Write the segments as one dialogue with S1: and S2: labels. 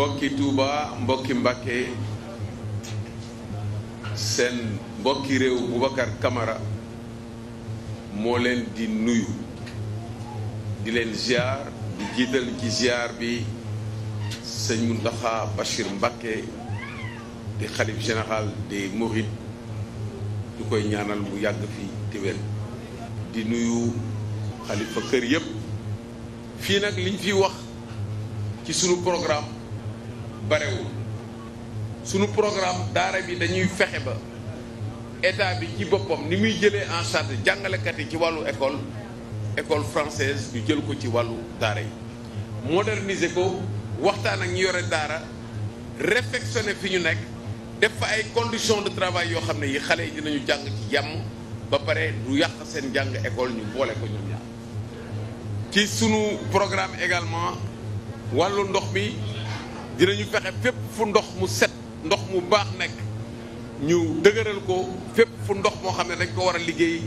S1: mbokki Touba mbokki Mbacké seen mbokki réew Boubacar kamara moo leen di nuyu di leen ziar di jiital ci ziar bi sëñ Mountakha Bachir Mbacké di xalif général des Mourides du koy ñaanal mu yàgg fi téwél di nuyu xalifa kër yëpp fii nag liñ fi wax ci sunu programme barewul sunu programme daara bi dañuy fexe ba état bi ci boppam ni muy jëlee en charge jàngalekat yi ci wàllu école école française ñu jël ko ci wàllu daara yi moderniser ko waxtaan ak ñu yore daara réfectionner fi ñu nekk def fa ay conditions de travail yoo xam ne yi xale yi dinañu jàng ci yàmm ba pare du yàq seen jàng école ñu boole ko ñoom ñaar ci sunu programme également wàllu ndox mi dinañu fexe fépp fu ndox mu set ndox mu baax nekk ñu dëgëral ko fépp fu ndox moo xam ne dañ ko war a liggéey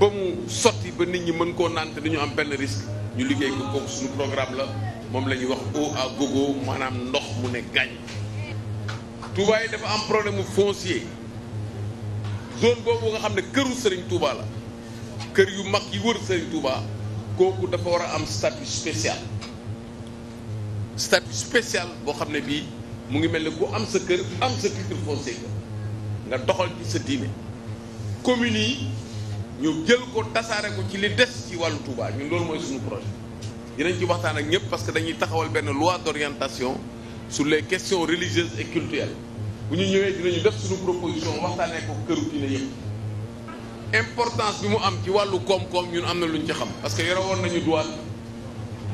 S1: ba mu sotti ba nit ñi mën koo naan te du ñu am benn risque ñu liggéey ko kooku suñu programme la moom la ñuy wax eau à gogo maanaam ndox mu ne gaañ. Touba yi dafa am problème mu foncier zone boobu nga xam ne këru Serigne Touba la kër yu mag yi wër Serigne Touba kooku dafa war a am statut spécial. statut spécial boo xam ne bii mu ngi mel ne ku am sa kër am sa titre foncier nga doxal ci sa diine communes yi ñu jël ko tasaare ko ci li des ci wàllu Touba ñun loolu mooy suñu projet dinañ ci waxtaan ak ñëpp parce que dañuy taxawal benn loi d'orientation sur les questions religieuses et culturelles bu ñu ñëwee dinañu def suñu proposition waxtaanee ko këru diine yëpp importance bi mu am ci wàllu koom-koom ñun am na lu ñu ci xam parce que yore woon nañu droit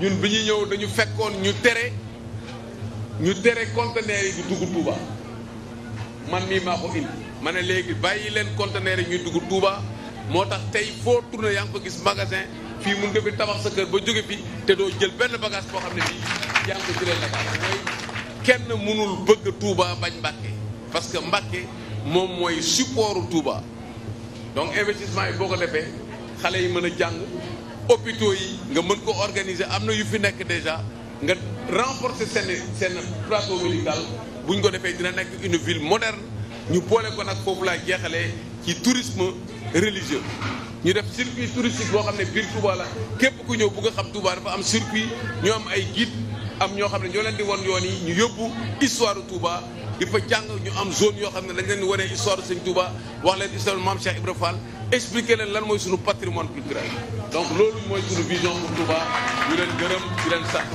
S1: ñun bi ñu ñëw dañu fekkoon ñu tere ñu tere conteneur yi du dugg Touba man mii maa ko indi ma ne léegi bàyyi leen conteneur yi ñuy dugg Touba moo tax tey foo tourné yaa ngi ko gis magasin fii mun nga fi tabax sa kër ba jóge bi te doo jël benn bagage boo xam ne bii yaa ngi ko jëlee Dakar mooy kenn mënul bëgg Touba bañ Mbàkke parce que Mbàkke moom mooy supportu Touba donc investissement yi boo ko defee xale yi mën a jàng hôpitaux yi nga mën ko organiser am na yu fi nekk déjà nga renforcer seen seen plateau médical bu ñu ko defee dina nekk une ville moderne ñu boole ko ak foofu laa jeexalee ci tourisme religieux. ñu def circuit touristique boo xam ne biir Touba la képp ku ñëw bu nga xam Touba dafa am circuit ñu am ay guide am ñoo xam ne ñoo leen di won yoon yi ñu yóbbu histoire Touba. di fa jàng ñu am zone yoo xam ne dañ leen wane histoire Sëñ Touba wax leen histoire Maam Cheikh Ibra Fall expliquer leen lan mooy suñu patrimoine culturel donc loolu mooy suñu vision pour Touba ñu leen gërëm di leen sax